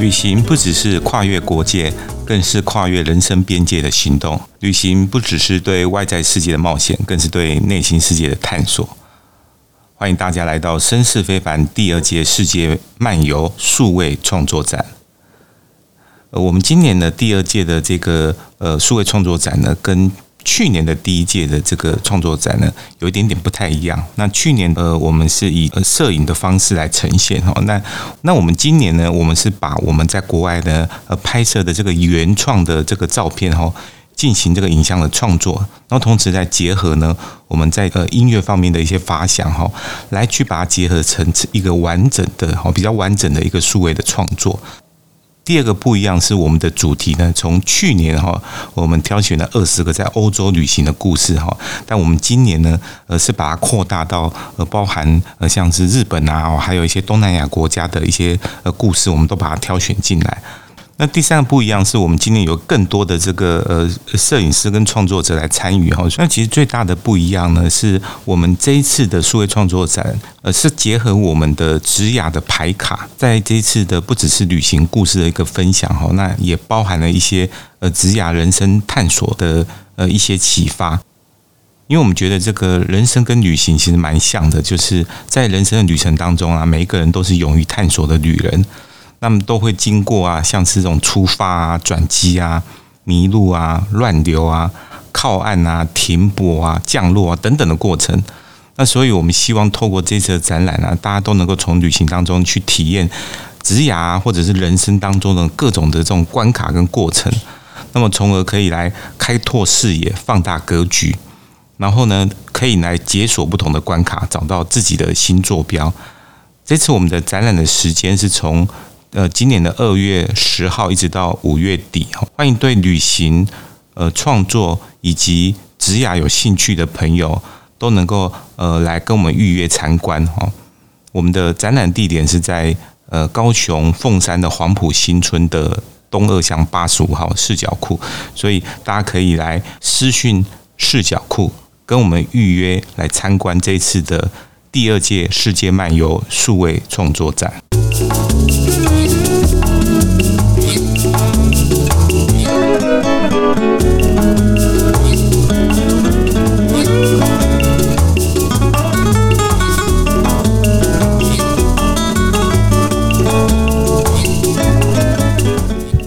旅行不只是跨越國界，更是跨越人生邊界的行動。旅行不只是對外在世界的冒險，更是對內心世界的探索。歡迎大家來到《聲視非凡》第二屆世界慢遊數位創作展。呃，我們今年的第二屆的這個呃數位創作展呢，跟去年的第一屆的這個創作展呢，有一點點不太一樣。那去年呃，我們是以攝影的方式來呈現哈，那那我們今年呢，我們是把我們在國外的呃拍攝的這個原創的這個照片哈，進行這個影像的創作，然後同時再結合呢，我們在呃音樂方面的一些發想哈，來去把它結合成一個完整的哈，比較完整的一個數位的創作。第二個不一樣是我們的主題呢，從去年哈，我們挑選了二十個在歐洲旅行的故事哈，但我們今年呢，呃，是把它擴大到呃，包含呃，像是日本啊，還有一些東南亞國家的一些呃故事，我們都把它挑選進來。那第三個不一樣是我們今天有更多的這個呃攝影師跟創作者來參與哈，那其實最大的不一樣呢是我們這一次的數位創作展，呃是結合我們的職涯的牌卡，在這一次的不只是旅行故事的一個分享哈，哦，那也包含了一些呃職涯人生探索的呃一些啟發，因為我們覺得這個人生跟旅行其實蠻像的，就是在人生的旅程當中啊，每一個人都是勇於探索的旅人。那麼都會經過啊，像是這種出發啊、轉機啊、迷路啊、亂流啊、靠岸啊、停泊啊、降落啊等等的過程。那所以，我們希望透過這次的展覽啊，大家都能夠從旅行當中去體驗職涯、啊、或者是人生當中的各種的這種關卡跟過程，那麼從而可以來開拓視野、放大格局，然後呢，可以來解鎖不同的關卡，找到自己的新坐標。這次我們的展覽的時間是從。呃，今年的二月十號一直到五月底歡迎對旅行、呃，創作以及職涯有興趣的朋友都能夠呃來跟我們預約參觀、哦、我們的展覽地點是在呃高雄鳳山的黃埔新村的東二巷八十五號視角酷，所以大家可以來私訊視角酷跟我們預約來參觀這次的第二屆世界漫遊數位創作展。